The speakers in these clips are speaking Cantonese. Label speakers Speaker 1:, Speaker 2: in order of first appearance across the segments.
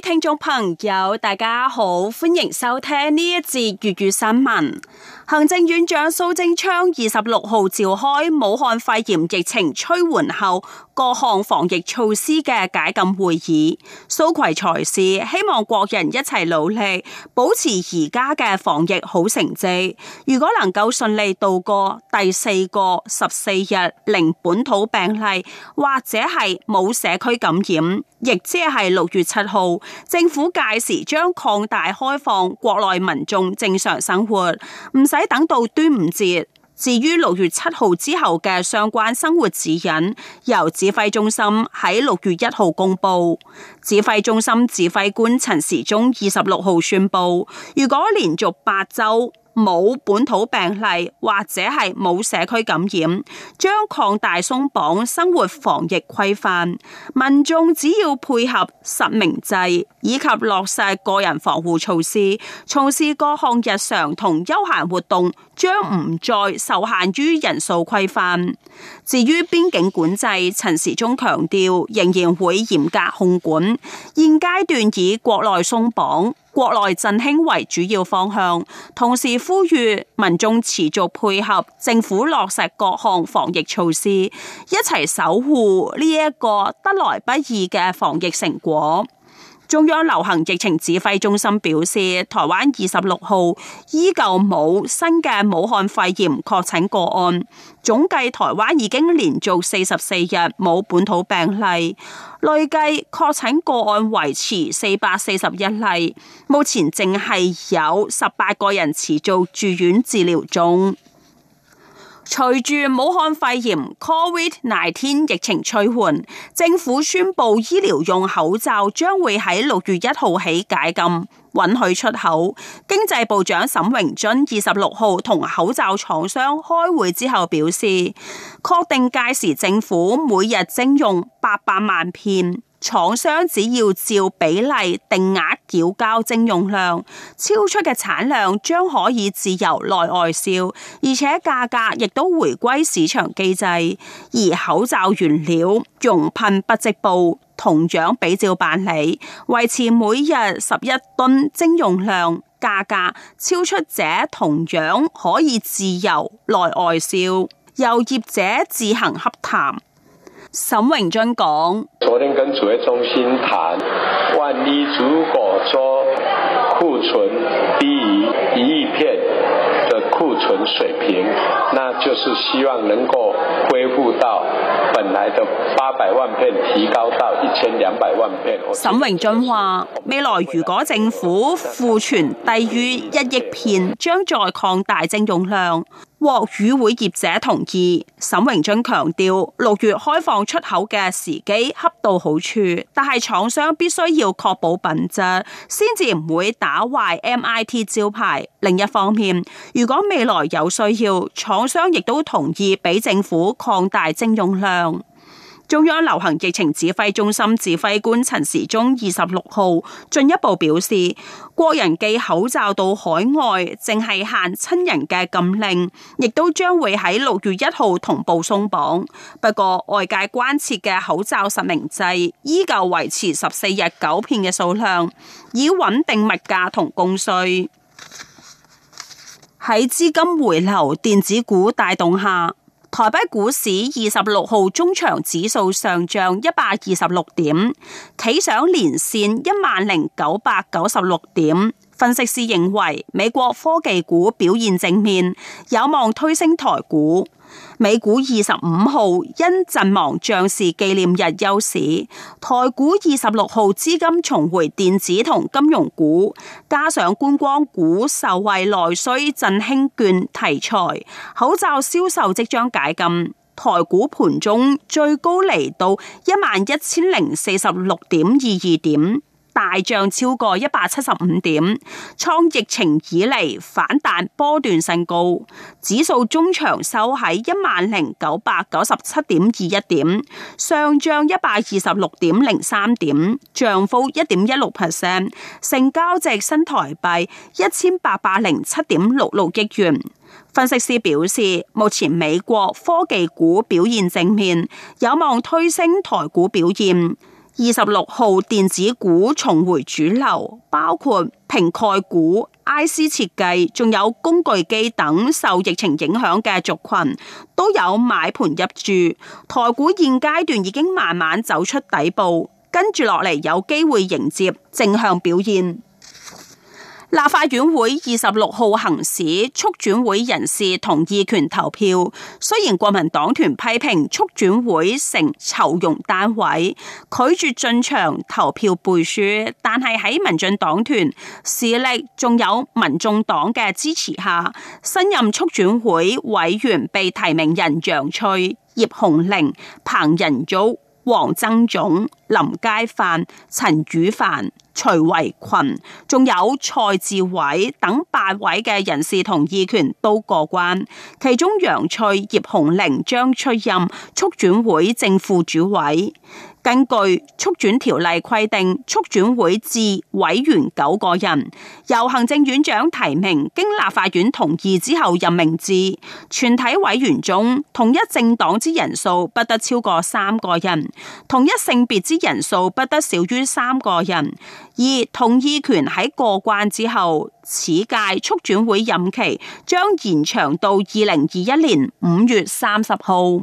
Speaker 1: 聽眾朋友，大家好，歡迎收聽呢一節粵語新聞。行政院長蘇貞昌二十六號召開武漢肺炎疫情趨緩後各項防疫措施嘅解禁會議，蘇揆才是希望國人一齊努力，保持而家嘅防疫好成績。如果能夠順利度過第四個十四日零本土病例或者係冇社區感染，亦即係六月七號，政府屆時將擴大開放國內民眾正常生活。喺等到端午節，至於六月七號之後嘅相關生活指引，由指揮中心喺六月一號公布。指揮中心指揮官陳時中二十六號宣布，如果連續八周，冇本土病例或者係冇社區感染，將擴大鬆綁生活防疫規範，民眾只要配合實名制以及落實個人防護措施，從事各項日常同休閒活動將唔再受限於人數規範。至於邊境管制，陳時中強調仍然會嚴格控管，現階段以國內鬆綁。國內振興為主要方向，同時呼籲民眾持續配合政府落實各項防疫措施，一齊守護呢一個得來不易嘅防疫成果。中央流行疫情指揮中心表示，台灣二十六號依舊冇新嘅武漢肺炎確診個案，總計台灣已經連續四十四日冇本土病例，累計確診個案維持四百四十一例，目前淨係有十八個人持續住院治療中。隨住武漢肺炎 （Covid-19） 疫情趨緩，政府宣布醫療用口罩將會喺六月一號起解禁，允許出口。經濟部長沈榮津二十六號同口罩廠商開會之後表示，確定屆時政府每日徵用八百萬片。廠商只要照比例定額繳交徵用量，超出嘅產量將可以自由內外銷，而且價格亦都回歸市場機制。而口罩原料熔噴不織布同樣比照辦理，維持每日十一噸徵用量，價格超出者同樣可以自由內外銷，由業者自行洽談。沈榮津講：，昨天跟儲備中心談，萬一如果說庫存低於一億片的庫存水平，那就是希望能夠恢復到本來的八百萬片，提高到一千兩百萬片。沈榮津話：，未來如果政府庫存低於一億片，將再擴大徵用量。獲與會業者同意，沈榮津強調六月開放出口嘅時機恰到好處，但係廠商必須要確保品質，先至唔會打壞 MIT 招牌。另一方面，如果未來有需要，廠商亦都同意俾政府擴大徵用量。中央流行疫情指揮中心指揮官陳時中二十六號進一步表示，國人寄口罩到海外淨係限親人嘅禁令，亦都將會喺六月一號同步鬆綁。不過外界關切嘅口罩實名制依舊維持十四日九片嘅數量，以穩定物價同供需。喺資金回流、電子股帶動下。台北股市二十六號中場指數上漲一百二十六點，企上年線一萬零九百九十六點。分析師認為，美國科技股表現正面，有望推升台股。美股二十五號因陣亡將士紀念日休市，台股二十六號資金重回電子同金融股，加上觀光股受惠內需振興券題材，口罩銷售即將解禁，台股盤中最高嚟到一萬一千零四十六點二二點。大漲超過一百七十五點，創疫情以嚟反彈波段新高，指數中長收喺一萬零九百九十七點二一點，上漲一百二十六點零三點，漲幅一點一六 percent，成交值新台幣一千八百零七點六六億元。分析師表示，目前美國科技股表現正面，有望推升台股表現。二十六號電子股重回主流，包括瓶蓋股、IC 設計，仲有工具機等受疫情影響嘅族群都有買盤入駐。台股現階段已經慢慢走出底部，跟住落嚟有機會迎接正向表現。立法院會二十六號行使促轉會人事同意權投票，雖然國民黨團批評促轉會成酬庸單位，拒絕進場投票背書，但係喺民進黨團、時力仲有民眾黨嘅支持下，新任促轉會委員被提名人楊翠、葉虹靈、彭仁郁。王增勇、林佳範、陳雨凡、徐維群，仲有蔡志偉等八位嘅人事同意權都過關，其中楊翠、葉虹靈將出任促轉會正副主委。根據促轉條例規定，促轉會至委員九個人，由行政院長提名，經立法院同意之後任命至全體委員中，同一政黨之人數不得超過三個人，同一性別之人數不得少於三個人。而同意權喺過關之後，此屆促轉會任期將延長到二零二一年五月三十號。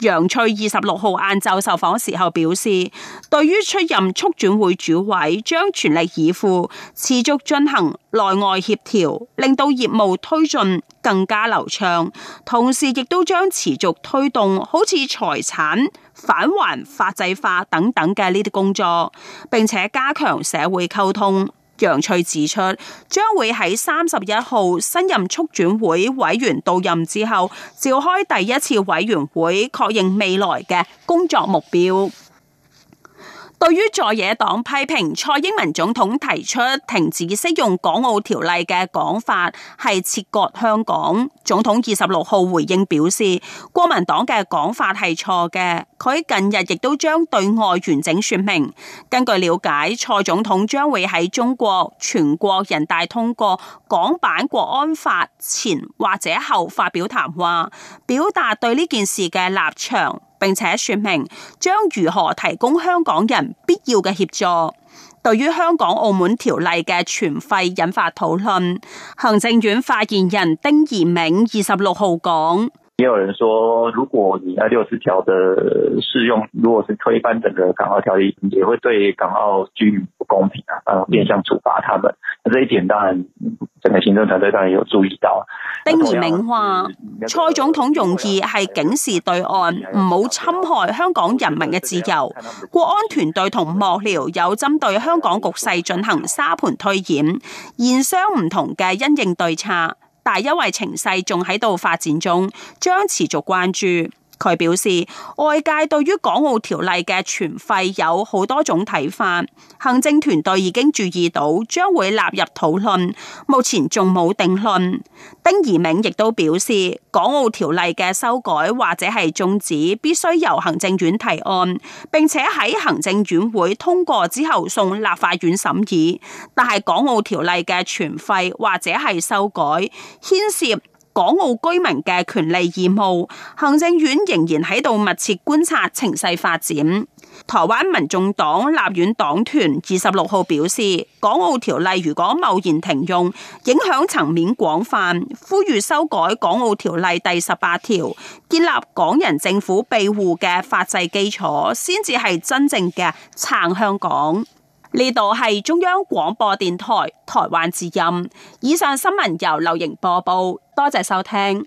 Speaker 1: 楊翠二十六號晏晝受訪時候表示，對於出任促轉會主委，將全力以赴，持續進行內外協調，令到業務推進更加流暢。同時，亦都將持續推動好似財產返還法制化等等嘅呢啲工作，並且加強社會溝通。楊翠指出，將會喺三十一號新任促轉會委員到任之後，召開第一次委員會，確認未來嘅工作目標。對於在野黨批評蔡英文總統提出停止適用《港澳條例》嘅講法係切割香港，總統二十六號回應表示，國民黨嘅講法係錯嘅。佢近日亦都將對外完整說明。根據了解，蔡總統將會喺中國全國人大通過港版國安法前或者後發表談話，表達對呢件事嘅立場。並且說明將如何提供香港人必要嘅協助。對於香港澳門條例嘅存廢引發討論，行政院發言人丁怡銘二十六號講：也有人說，如果你那六十條的適用，如果是推翻整個港澳條例，也會對港澳居民不公平啊，呃，變相處罰他們。這一點當然，整個行政團隊當然有注意到。丁怡銘話：蔡總統用意係警示對岸，唔好侵害香港人民嘅自由。國安團隊同幕僚有針對香港局勢進行沙盤推演，研商唔同嘅因應對策。但因為情勢仲喺度發展中，將持續關注。佢表示，外界對於《港澳條例》嘅全廢有好多種睇法，行政團隊已經注意到，將會納入討論，目前仲冇定論。丁怡銘亦都表示，《港澳條例》嘅修改或者係終止，必須由行政院提案，並且喺行政院會通過之後送立法院審議，但係《港澳條例》嘅全廢或者係修改牽涉，港澳居民嘅權利義務，行政院仍然喺度密切觀察情勢發展。台灣民眾黨立院黨團二十六號表示，港澳條例如果貿然停用，影響層面廣泛，呼籲修改港澳條例第十八條，建立港人政府庇護嘅法制基礎，先至係真正嘅撐香港。呢度係中央廣播電台台灣之音，以上新聞由劉瑩播報，多謝收聽。